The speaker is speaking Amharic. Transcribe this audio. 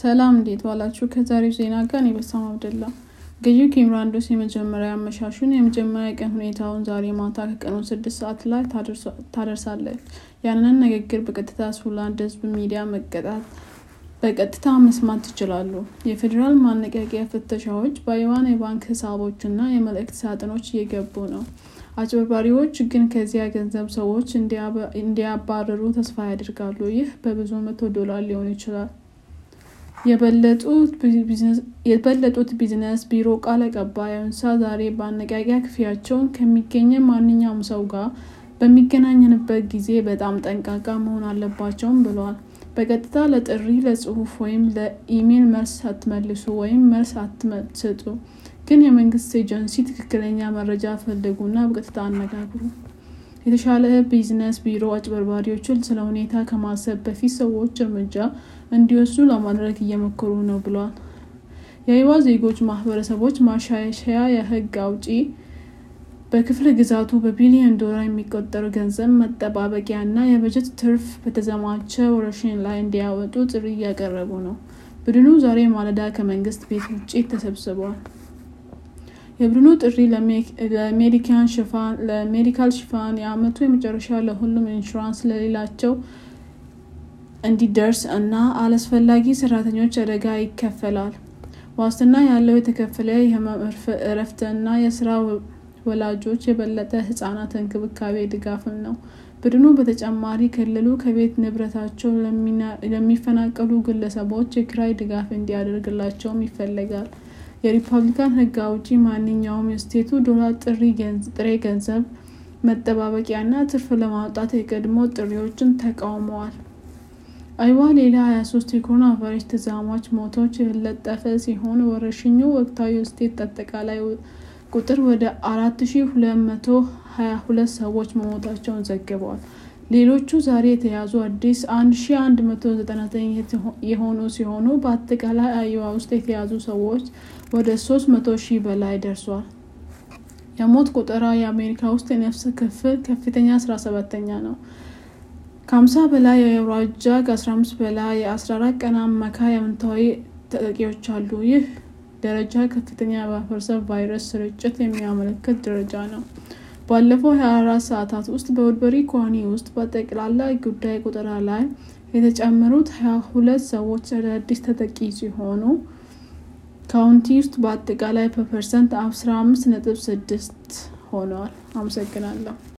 ሰላም እንዴት ዋላችሁ? ከዛሬው ዜና ጋር እኔ በሳም አብደላ። ገዢው ኪምራንዶስ የመጀመሪያ አመሻሹን የመጀመሪያ ቀን ሁኔታውን ዛሬ ማታ ከቀኑ ስድስት ሰዓት ላይ ታደርሳለች። ያንን ንግግር በቀጥታ ሱላንድ ህዝብ ሚዲያ መቀጣት በቀጥታ መስማት ትችላሉ። የፌዴራል ማነቃቂያ ፍተሻዎች በአይዋን የባንክ ህሳቦች እና የመልእክት ሳጥኖች እየገቡ ነው። አጭበርባሪዎች ግን ከዚያ ገንዘብ ሰዎች እንዲያባረሩ ተስፋ ያደርጋሉ። ይህ በብዙ መቶ ዶላር ሊሆን ይችላል። የበለጡት ቢዝነስ ቢሮ ቃል አቀባይ አዩንሳ ዛሬ በአነቃቂያ ክፍያቸውን ከሚገኘ ማንኛውም ሰው ጋር በሚገናኝንበት ጊዜ በጣም ጠንቃቃ መሆን አለባቸውም ብለዋል። በቀጥታ ለጥሪ፣ ለጽሁፍ ወይም ለኢሜል መልስ አትመልሱ ወይም መልስ አትሰጡ። ግን የመንግስት ኤጀንሲ ትክክለኛ መረጃ ፈልጉና በቀጥታ አነጋግሩ። የተሻለ ቢዝነስ ቢሮ አጭበርባሪዎችን ስለ ሁኔታ ከማሰብ በፊት ሰዎች እርምጃ እንዲወስዱ ለማድረግ እየሞከሩ ነው ብለዋል። የአይዋ ዜጎች ማህበረሰቦች ማሻሻያ የህግ አውጪ በክፍለ ግዛቱ በቢሊዮን ዶላር የሚቆጠሩ ገንዘብ መጠባበቂያ እና የበጀት ትርፍ በተዘማቸ ወረርሽኝ ላይ እንዲያወጡ ጥሪ እያቀረቡ ነው። ቡድኑ ዛሬ ማለዳ ከመንግስት ቤት ውጭ ተሰብስበዋል። የቡድኑ ጥሪ ለሜዲካል ሽፋን የአመቱ የመጨረሻ ለሁሉም ኢንሹራንስ ለሌላቸው እንዲደርስ እና አላስፈላጊ ሰራተኞች አደጋ ይከፈላል። ዋስትና ያለው የተከፈለ የህመም እረፍትና የስራ ወላጆች የበለጠ ህጻናት እንክብካቤ ድጋፍም ነው። ቡድኑ በተጨማሪ ክልሉ ከቤት ንብረታቸው ለሚፈናቀሉ ግለሰቦች የክራይ ድጋፍ እንዲያደርግላቸውም ይፈለጋል። የሪፐብሊካን ህግ አውጪ ማንኛውም የስቴቱ ዶላር ጥሬ ገንዘብ መጠባበቂያና ትርፍ ለማውጣት የቀድሞ ጥሪዎችን ተቃውመዋል። አይዋ ሌላ 23 የኮሮና ቫይረስ ተዛማች ሞቶች የለጠፈ ሲሆን ወረርሽኙ ወቅታዊ ስቴት አጠቃላይ ቁጥር ወደ 4222 ሰዎች መሞታቸውን ዘግበዋል። ሌሎቹ ዛሬ የተያዙ አዲስ 1199 የሆኑ ሲሆኑ በአጠቃላይ አይዋ ውስጥ የተያዙ ሰዎች ወደ 300 ሺህ በላይ ደርሷል። የሞት ቁጥራ የአሜሪካ ውስጥ የነፍስ ክፍል ከፍተኛ 17ኛ ነው። ከ50 በላይ የአውራጃ ከ15 በላይ የ14 ቀን አማካ የአዎንታዊ ተጠቂዎች አሉ። ይህ ደረጃ ከፍተኛ የማህበረሰብ ቫይረስ ስርጭት የሚያመለክት ደረጃ ነው። ባለፈው 24 ሰዓታት ውስጥ በውድበሪ ኮኒ ውስጥ በጠቅላላ ጉዳይ ቁጥራ ላይ የተጨመሩት 22 ሰዎች አዳዲስ ተጠቂ ሲሆኑ ካውንቲ ውስጥ በአጠቃላይ በፐርሰንት 6 ሆነዋል። አመሰግናለሁ።